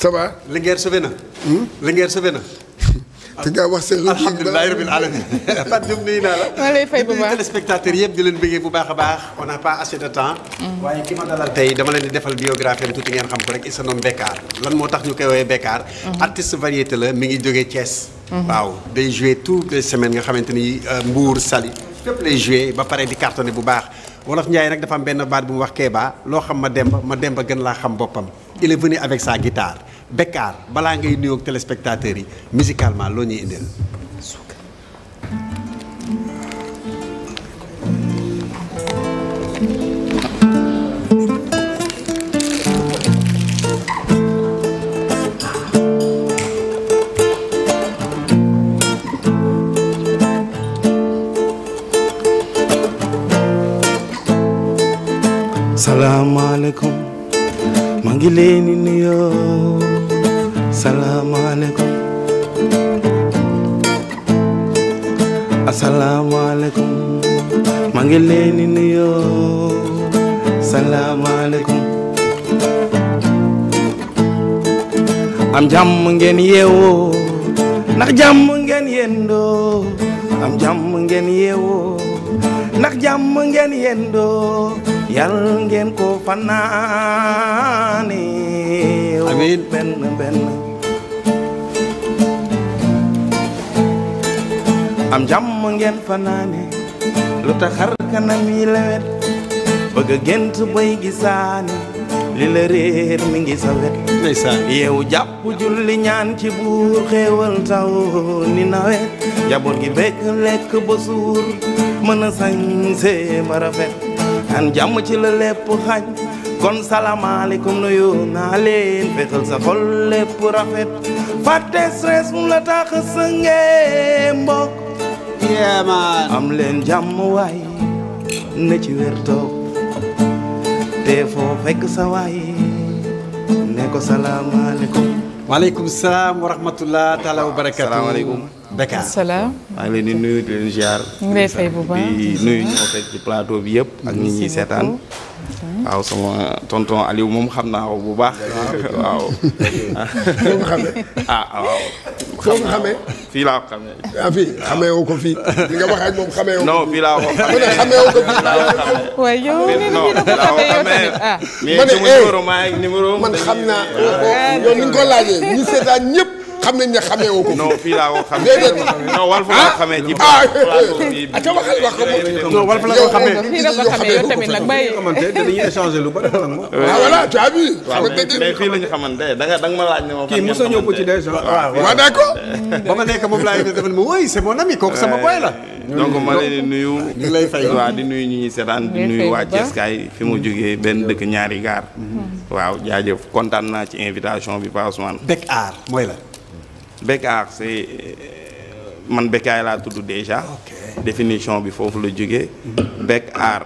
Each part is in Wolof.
ça va. Linguère sauvé na. Hmm? Linguère sauvé na. te nga wax seen. alhamdulilah rabbil alamin Fatou Diouf nuyu naa la. ma yëpp di leen bëggee bu baax a baax on a pas assez de temps. Hmm. waaye dama leen di defal biographie am tuuti ngeen xam ko rek il se nomme Bekar lan moo tax ñu koy woowee Bekar. Hmm. artiste variété la mi ngi jógee Thiès. waaw day jouer toutes les nga xamante ni euh, Mbour sali fépp lay jouer ba pare di cartonné bu baax wolof Ndiaye rek dafa am benn baat bu mu wax Kéba loo xam ma demba ma demba gën laa xam boppam il est venu Béccar balaa ngay nuyoo ak yi musicalement loo ñuy indil. salaamaaleykum maa ngi leen di nuyoo. salaamaaleykum asalaamaaleykum maa ngi leen di nuyoo salaamaaleykum am jàmm ngeen yeewoo ndax jàmm ngeen yendoo am jàmm ngeen yeewoo ndax jàmm ngeen yendoo yal ngeen ko fanaane. amiin benn benn. am jàmm ngeen fanaane lu tax xar kanam yi lewet bëgg gént bay gisaane li la mi ngi sa wet ndeysaan yeewu jàpp julli ñaan ci buur xéewal taw ni nawet jaboot gi bekk lekk ba suur mën a sañ séema rafet an jàmm ci la lépp xañ kon salaamaaleykum nuyu naa leen fexal sa xol lépp rafet fàtte stress mu la tax a sëngee yeah am leen jàmm waay na ci wér toog te foo fekk sa waay ne ko salaamaaleykum. waaleykum salaam wa taalaa wa barakaatu. salaam. maa ngi leen di nuyu di leen ziar. ñu ngi bu baax nuyu ñoo fekk ci plateau bi yëpp. ak ñi ñuy seetaan. waaw sama tonton Aliou moom xam naa ko bu baax. waaw. foo xamee. ah, ah waaw. fii laa xamee. woo ko fii. nga wax moom xamee woo ko. fii laa ko xamee. man xam naa. Ah, yow ni nga ko laajee seetaan ñëpp. xam nañ ne xamee woo ko. laa ko xamee. déedéet non wàllu fa laa xamee. ci biir wax xamee. la tamit nag bàyyi. dañuy échanger lu bari ak moom. ah voilà tu as vu. waaw mais ne da da nga ma laaj ne ma. kii Moussa ñëw ko ci déjà. waaw waaw ma nekk ne ma oui sama di nuyu. ñu lay fay di nuyu ñu ñuy seetaan fi mu jógee benn dëkk ñaari gaar. waaw jaajëf kontaan naa ci invitation bi Pa Ousmane. Bec mooy la. Bekkaar c'est euh, man Bekkaay laa tudd déjà. définition bi foofu la jógee. Bekkaar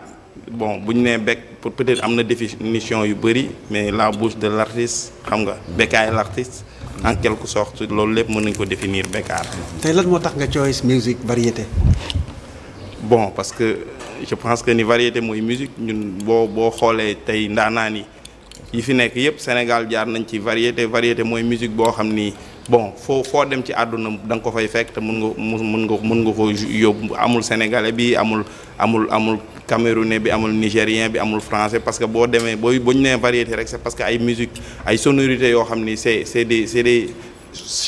bon bu ñu nee Bek pour peut-être am na définition yu bëri mais la bouche de l'artiste xam nga Bekkaay l'artiste. en quelque sorte loolu lépp mën nañ ko définir Bekkaar. tey lan moo tax nga choice musique variété. bon parce que je pense que ni variété mooy musique ñun boo boo xoolee tey ndaa naa ni yi fi nekk yëpp Sénégal jaar nañ ci variété variété mooy musique boo xam ni. bon foo foo dem ci àdduna da nga ko fay fekk te mun nga mun nga mun nga ko yóbbu amul sénégalais bi amul amul amul camerounais bi amul nigérien bi amul français parce que boo demee booy boo ñu nee variété rek c'est parce que ay musique ay sonorité yoo xam ni c'est c'est des c'est des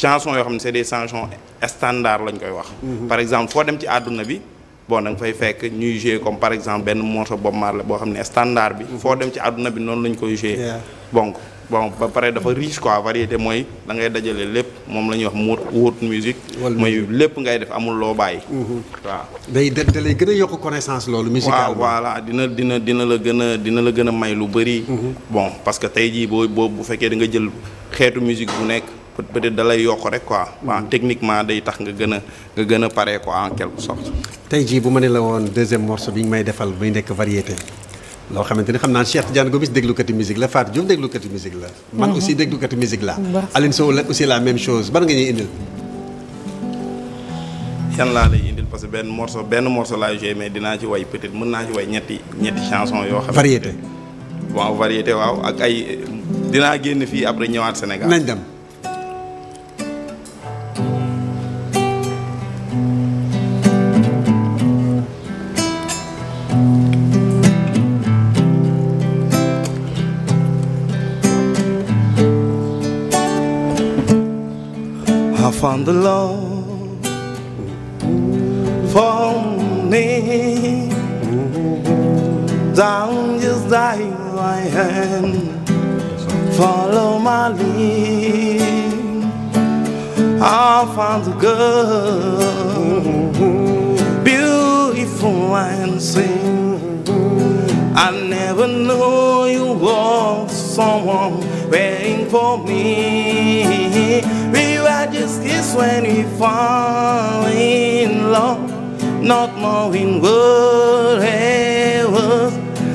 yoo xam ni c'est des chansons standard lañ koy wax. Mhm. par exemple foo dem ci àdduna bi. bon da nga fay fekk ñuy jouer comme par exemple benn morceau Bob Marley boo xam ne standard bi. Mhm. foo dem ci àdduna bi noonu lañ koy jouer donc bon ba pare dafa riche quoi variété mooy dangay ngay dajale lépp moom la ñuy wax mu wóot musique mooy lépp ngay def amul loo bàyyi mhm. waaw day da lay gën a yokk connaissance loolu musical waaw voilà dina dina dina la gën a dina la gën a may lu bëri mhm. bon parce que tey jii boo boo bu fekkee da nga jël xeetu musique bu nekk peut-être da lay yokk rek quoi mhm. waaw techniquement day tax nga gën a nga gën a pare ko en quelque sorte tey jii bu ma ne la woon deuxième morceau bi ñu may defal muy nekk variété loo xamante ni xam naa Cheikh Tidiane Gomis déglukati musique la Fatou Diouf déglukati musique la. man mhm. aussi déglukati musique la. Aline Sow la aussi la même chose ban nga ñuy indil. yan laa lay indil parce que benn morso benn morceau laay joué mais dinaa ci way peut-être mën naa ci way ñetti ñetti chanson yoo. xam variété. waaw variété waaw ak ay dinaa génn fii après ñëwaat Sénégal nañ dem. the Lord for me. Down just follow my lead. I found the girl, beautiful and sing. I never knew you were someone waiting for me. I just kiss when we in love, not knowing what else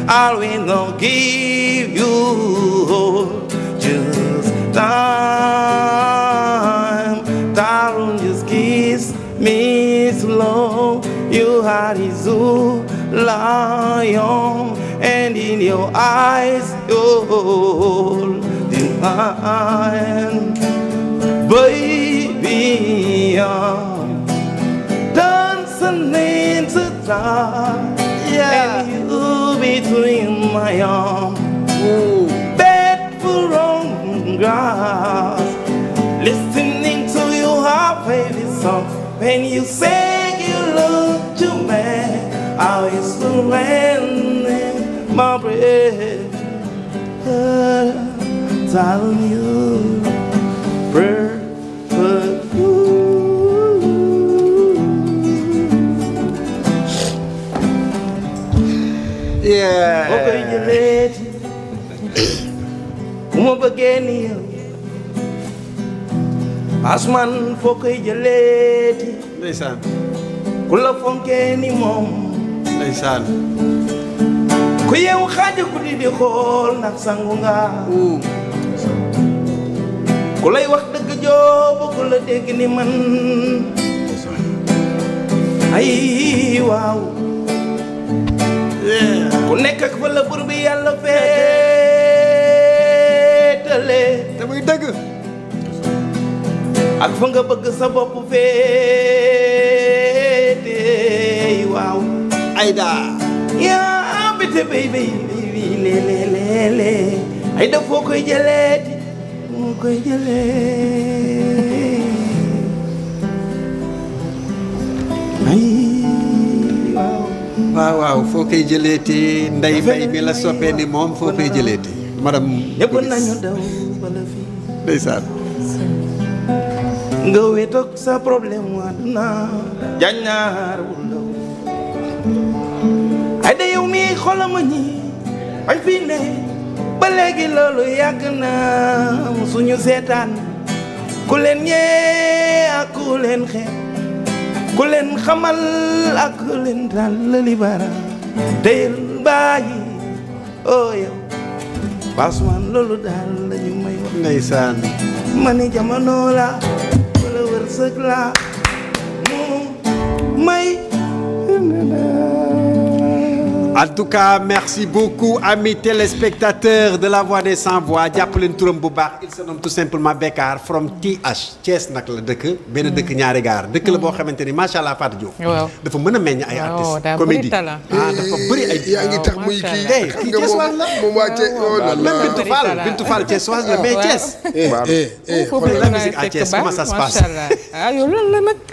I will not give you. Just time, darling, just kiss me slow. Your heart is all lion, and in your eyes, you're divine. baby I'm dancing in the dark yeah. and you between my arms bed for on grass listening to your heart baby song when you say you love to me I will surrender my breath tell you boo koy jëleeti bu ma bëggee ni yow asman foo koy jëleeti ndeysaan ku la fonkee moom ku yeewu xaaja ku di di xool ndax sangu nga ku lay wax dëgg joobu ku la dégg ni man ay waaw ku nekk ak fa la bur bi yàlla féetale te muy dëgg ak fa bëgg sa bopp féete waaw ayda yaa bite béy béy béy léelée ay da foo koy jëleeti moo koy jëlee waaw waaw foo koy jëleeti nday bay bi la soppee ni moom foo koy jëleeti madam ñëpp nañu daw wala fii ndeysaan nga wéetoog sa problème waa naa jaññaar wul daw ay da yow mi xolama ñi ay fii ne ba léegi loolu yàgg na suñu seetaan ku leen ñee ak ku leen xeet ku leen xamal ak ku leen tàllali baaraam teyel bàyyi oo oh yow Passeman loolu daal la ñu may wax ndeysaan ma ni jamono la wala wërsëg la en tout cas merci beaucoup amis téléspectateurs de la voix des sans voix jàpp leen turam bu baax il se nomme tout simplement Bekar from TH Thiès nag la dëkk benn dëkk ñaari gaar dëkk la boo xamante ni macha allah Fatou Diouf dafa mën a meññ ay oh, artistes comédie ah dafa bëri ay yaa ngi tax muy kii xam nga moom moom waa Thiès oh même Bintu Fall Bintu Fall Thiès waas la mais Thiès eh, eh, eh, la musique à Thiès comment ça se passe ah,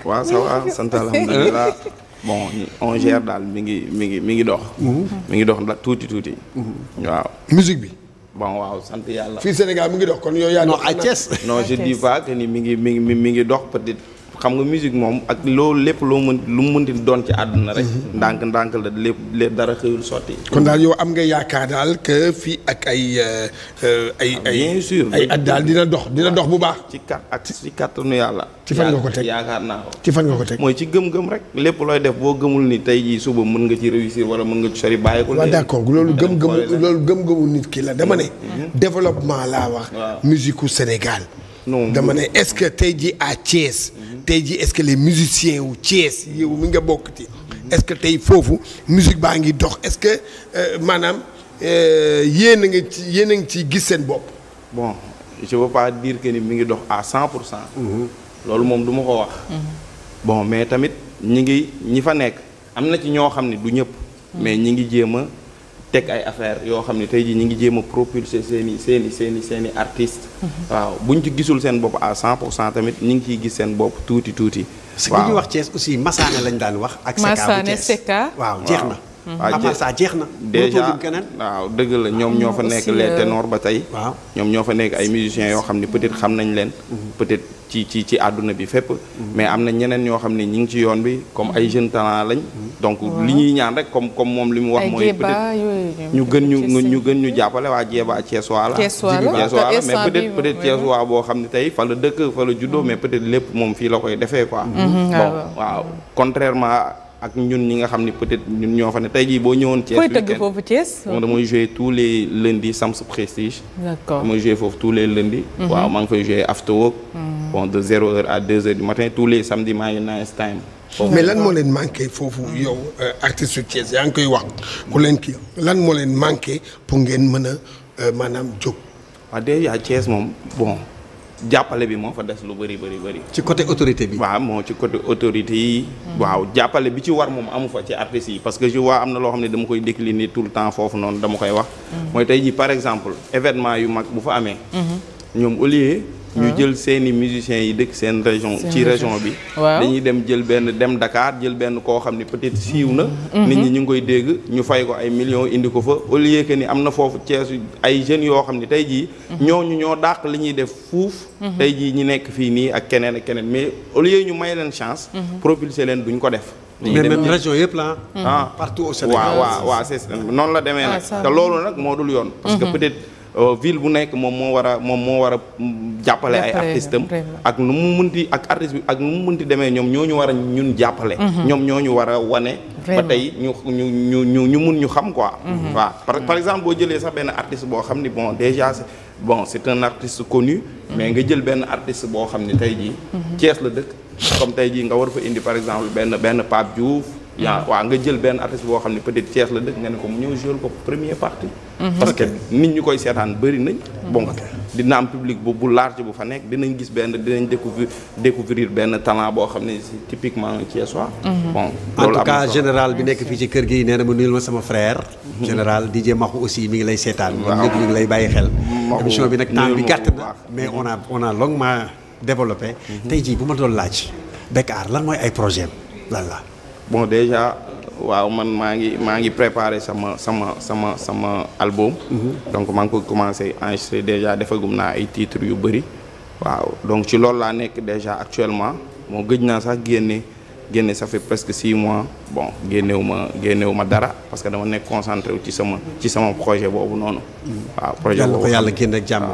waaw ça va sant alhamdulilah bon on gère daal mi ngi mi ngi mi ngi dox. Mhm. mi ngi dox ndax tuuti tuuti. Mhm. waaw musique bi. bon waaw sant yàlla. fii Sénégal mi ngi dox kon yow yaa. non à Thiès non pas que ni mi ngi mi ngi mi ngi dox peut-être. xam nga musique moom ak loolu lépp loo mën lu mu mënti doon ci àdduna rek. ndànk ndànk la lépp lépp dara xëyul sotti. kon daal yow am nga yaakaar daal que fii ak ay euh, euh, ay ah, ay. bien sûr ay at daal dina dox dina dox bu baax. ci kat ak ci kàttanu yàlla. ci fan nga ko teg yaakaar naa ci fan mooy ci gëm-gëm rek. lépp looy def boo gëmul ni tey jii suba mën nga ci réussir wala mën nga ci sori bàyyi ko. waaw d' loolu gëm-gëmu loolu gëm-gëmu nit ki la dama ne. Mm-hmm. Mm-hmm. développement laa wax. musique u Sénégal. dama ne est-ce que tey jii à Thiès mm-hmm. tey jii est-ce que les musiciens wu Thiès yow mi nga bokk ci est-ce que tey foofu musique baa ngi dox est-ce que euh, maanaam euh, yéen a ngi ci yéen a ngi ciy gis seen bopp. bon je veux pas dire que ni mi ngi dox à cent pour cent. Mhm. loolu moom du ma ko wax. Mhm. bon mais tamit ñi ngi ñi fa nekk am na ci ñoo xam ne du ñëpp. Mhm. mais ñi ngi jéem teg ay affaire yoo xam ne tey jii ñu ngi jéem a propulser seen i seen i seen i seen mm-hmm. buñ ci gisul seen bopp à 100 pour cent tamit ñu ngi ciy gis seen bopp tuuti tuuti. waaw parce wax Thiès aussi Massaane lañ daan wax. ak Seka bu Thiès waaw jeex na. Mhm. avant ça jeex na. déjà waaw dëgg la ñoom ñoo fa nekk les euh, ténors ba tey. waaw ñoom ñoo fa nekk ay musiciens yoo xam ne peut-être xam nañ leen. Mhm. peut-être ci ci ci àdduna bi fépp. Mhm. mais am na ñeneen ñoo xam ne ñi ngi ci yoon bi comme ay jeunes talents lañ. donc li ñuy ñaan rek comme comme moom li mu wax. mooy peut ñu gën ñu ñu gën ñu jàppale waa Jeeba Ceesuwaa la. Ceesuwaa la mais peut-être peut-être Ceesuwaa boo xam ne tey fala dëkk fa la juddoo mais peut lépp moom fii la koy defee quoi. waaw contrairement. ak ñun ñi nga xam ni peut-être ñun ñoo fa ne tey jii boo ñëwoon. Thiès fooy tëgg foofu Thiès. moom damay joué tous les lundis Sams Prestige. d'accord damay joué foofu tous les lundis. Mhm. waaw maa ngi fay joué after mhm. bon de zéro heure à deux heures du matin tous les samedis maa ngi nice time. mais lan moo leen manqué foofu yow euh, artiste su Thiès yaa ngi koy wax ku leen kii lan moo leen manqué pour ngeen mën a euh, maanaam jóg. waaw déjà Thiès moom bon. jàppale bi moo fa des lu bëri bëri bëri. ci côté autorité bi. waaw moo ci côté autorité yi. Hmm. waaw jàppale bi ci war moom amu fa ci artistes yi parce que je vois am na loo xam ne dama koy décliner tout le temps foofu noonu dama koy wax. Hmm. mooy tey jii par exemple événement yu mag bu fa amee. Hmm. ñoom au ñu ah. jël seeni musiciens yi dëkk seen région ci région bi dañuy dem jël benn dem Dakar jël benn koo xam ne peut-être siiw na mhm. nit ñi ñu ngi koy dégg ñu fay ko ay million indi ko fa au lieu que ni am na foofu Cees ay jeunes yoo xam ne tey jii mhm. ñu ñoo dàq li ñuy def fuuf mhm. tey jii ñi nekk fii nii ak keneen ak keneen mais au lieu ñu may leen chance leen duñ ko def mais même région yëpp la ah partout au Sénégal waaw waaw waaw noonu la demee ah, nag te loolu nag moo dul yoon parce que Euh, ville bu nekk moom moo war moom moo war a jàppale ay artistes ak nu mu mënti ak artiste bi ak nu mu mënti demee ñoom ñoo ñu war a ñun jàppale mhm. ñoom ñoo ñu war a wane ba tey ñu ñu ñu ñu ñu mun ñu xam quoi waaw mhm. par exemple boo jëlee sax benn artiste boo xam ni bon déjà bon c'est un artiste connu mhm. mais nga jël benn artiste boo xam ni tey jii Thiès la dëkk comme tey jii nga war fa indi par exemple benn benn Pape yaa waaw nga jël benn artiste boo xam ne peut-être Thiès la dëkk nga ne ko mu ñëw jouer ko premier partie mhm. parce que nit ñu koy seetaan bëri nañ mhm. bon dina am public bu bu large bu fa nekk dinañ gis benn dinañ découvrir découvrir benn talent boo xam ne typiquement thiessois mhm. bon en tout cas général bi nekk fii ci kër gi nee na mu nuyul ma sama frère général DJ Maxu aussi mi ngi lay seetaan ñoom ñëpp ñu ngi lay bàyyi xel émission bi nag temps bi gàtt na mais on a on doon laaj Bekar lan mooy ay projet lan la bon déjà waaw man maa ngi maa ngi préparé sama sama sama sama album. Mhm. donc maa ngi ko commencé enregistré déjà defagum naa ay titres yu bëri. waaw donc ci loolu laa nekk déjà actuellement moo gëj naa sax génne génne ça fait presque six mois bon génnewu ma génnewu ma dara parce que dama nekk concentré wu ci sama ci sama projet boobu noonu. Mhm. waaw projet boobu ko yàlla génn ak jàmm.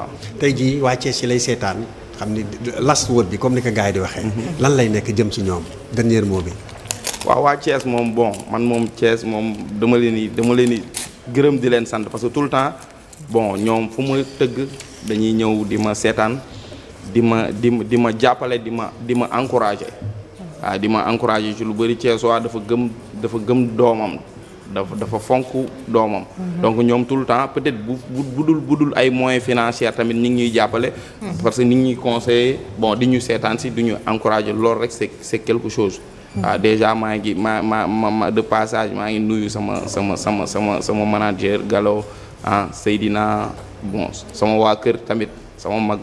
tey jii wàccee Thiès si lay seetaan xam ni last word bi comme ni ko gars yi di waxee. Mhm. lan lay nekk jëm ci ñoom dernier mot bi. waaw waa Thiès moom bon man moom Thiès moom dama leen di dama leen di gërëm di leen sant parce que tout le temps bon ñoom fu ma tëgg dañuy ñëw di ma seetaan di ma di di ma jàppale di ma di ma encouragé waaw di ma encouragé ci lu bëri Thiès waa dafa gëm dafa gëm doomam dafa dafa fonk doomam mhm. donc ñoom tout temps peut-être bu bu bu dul ay moyens financiers tamit ñu ngi ñuy jàppale mhm. parce que ñu ngi ñuy conseillé bon di ñu seetaan si duñu ñu encouragé loolu rek c'est c'est quelque chose waaw ah, déjà maa ngi maa ma ma de passage maa ngi nuyu sama sama sama sama sama manager Gallo ah Seydina bon sama waa kër tamit sama mag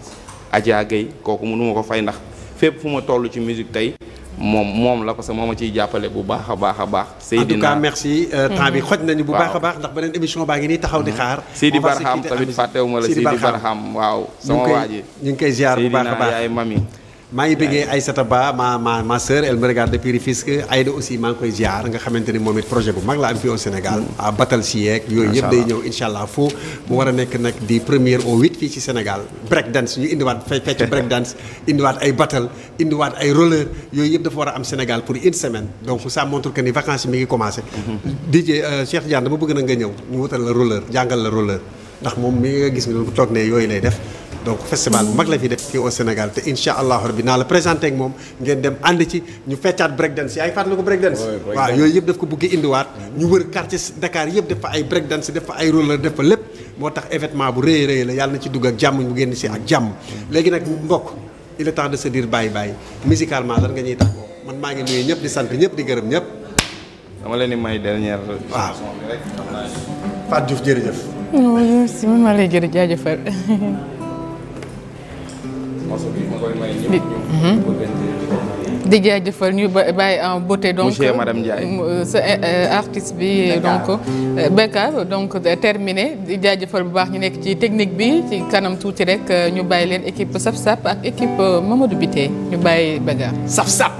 Adja kooku mënuma ko fay ndax fépp fu ma toll ci musique tey moom moom la parce sama moo ma ciy jàppale bu baax a baax a baax. Seydina en tout cas merci. Euh, temps bi mm-hmm. xoj nañu bu baax a baax ndax beneen émission baa ngi nii taxaw di mm-hmm. xaar. Seydi Barham tamit fàttewuma la Seydi Barham waaw. sama waa ji ñu ngi koy ziar bu baax a baax yaay mami. maa ngi bëggee Aïssata Ba ma ma ma sœur elle me regarde depuis Rufisque Aïda aussi maa ngi koy ziar nga xamante ni moom it projet bu mag la am fii au Sénégal mm. à si yeeg yooyu yëpp day ñëw incha allah fu mu war a nekk nag di première au huit fii ci Sénégal break dance ñu indiwaat fecc break dance indiwaat ay batal indiwaat ay roller yooyu yëpp dafa war a am Sénégal pour une semaine donc ça montre que ni mi ngi commencé mm-hmm. DJ euh, Cheikh Diane dama bëgg na nga ñëw ñu wutal la roller jàngal la roller ndax moom mi nga gis mi doon toog ne yooyu lay def donc festival bu mag la fi def fii au Sénégal te incha allahu rabi naa la présenté ak moom ngeen dem ànd ci ñu feccaat break dance yi ay fàttali ko break dance waaw yooyu yëpp daf ko bëgg indiwaat ñu wër quartier Dakar yëpp def fa ay break dance def fa ay roller def fa lépp moo tax événement bu rëy rëy la yàlla na ci dugg ak jàmm mu génn si ak jàmm léegi nag mbokk il est temps de se bàyyi bàyyi musicalement lan nga ñuy tàggoo man ñëpp di sant ñëpp di gërëm ñëpp dama leen di may dernière waaw man maa Mhm. di jaajëfal ñu ba bàyyi en beauté donc monsieur madame euh, euh, euh, bi donc Beka donc terminé di jaajëfal bu baax ñu nekk ci technique bi ci kanam tuuti rek ñu bàyyi leen équipe Sap Sap ak équipe Mamadou Bité ñu bàyyi Beka Sap Sap